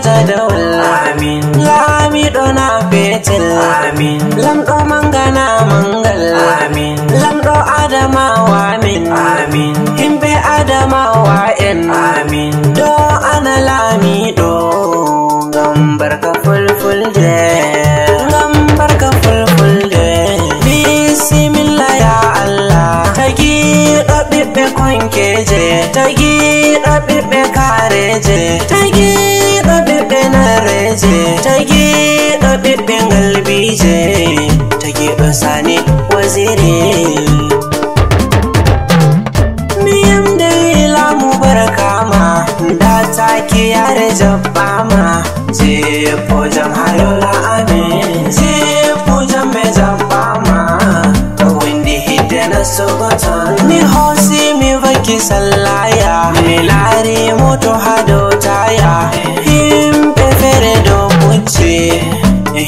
jadawal amin lami dona fetil amin lamdo mangana mangal amin lamdo adamawa min amin himbe adamawa Amin reje tagi ɗaɓɓe kareje tagi ɗaɓɓe na reje tagi ɗaɓɓe galbije tagi ɗosani waziri. miyam da barkama da take yare jabbama je tabbata mi hosi mi baki sallaya mi lari moto hado taya himɓe fere do pucce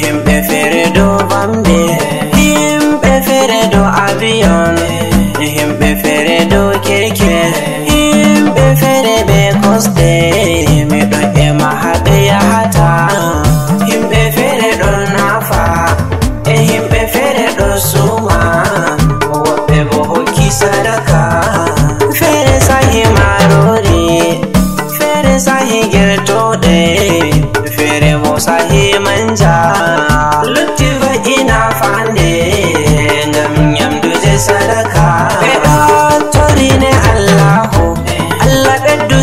himɓe fere do bamde himɓe fere do avion himɓe fere do keke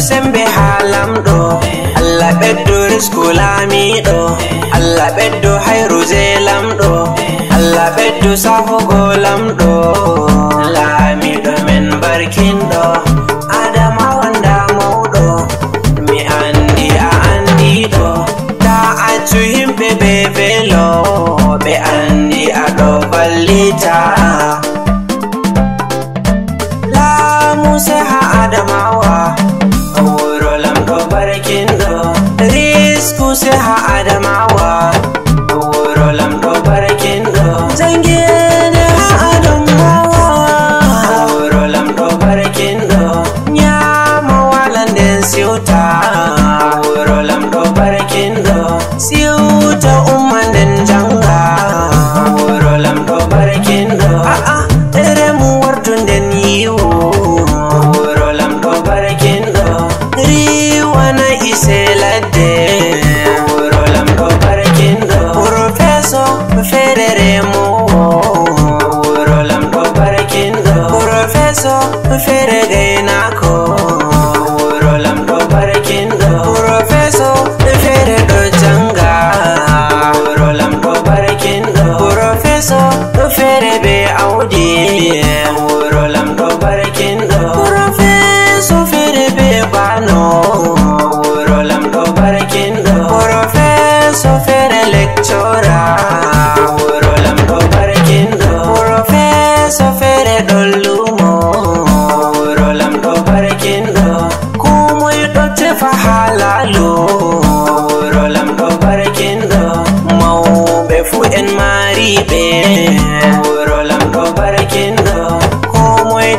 sembe haalamɗo allah ɓeddo risku laamiɗo allah ɓeddo hayru je lamɗo allah ɓeddo safugo lamɗo laamiɗo men barkinɗo to him be be be lo be anni ado la musa adamawa awuro lam do barkin do risku se ha adamawa day.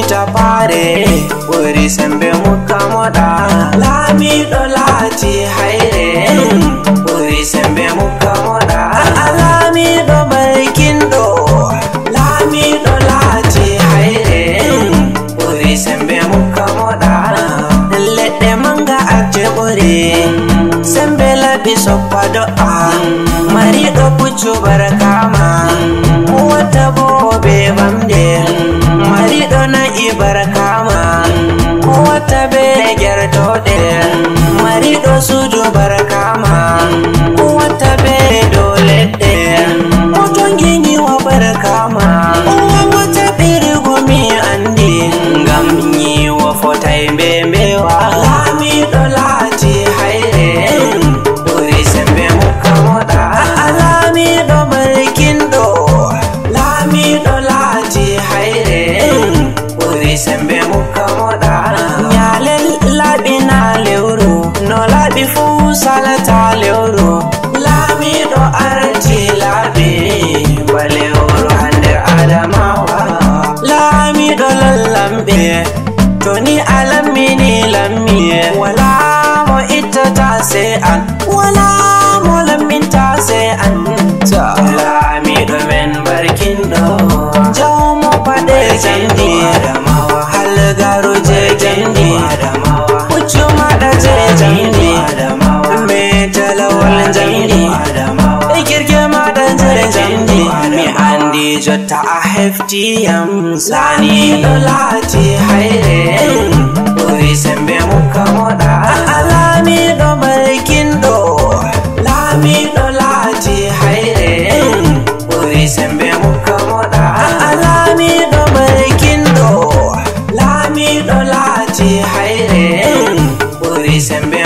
lami ta fare wuri sambe muka moda lami do lati haire wuri sambe muka moda lami do barkin do lami do lati haire wuri sambe muka moda ledde manga aje bore sambe labi soppa do a mari do puccu barkama wata bo be yaro na ibar kama ko wata bele gyarto Mari marido su jubar kama ma. wata sala ta leuro lamido arti labe baleuro hande adamawa lamido lallambe toni alammini lammiye wala mo ittata se an a FTM Sani Dola ti haire Uri sembe muka moda Alami do malkin Lami Dola ti haire Uri sembe muka moda Alami do malkin Lami Dola ti haire Uri sembe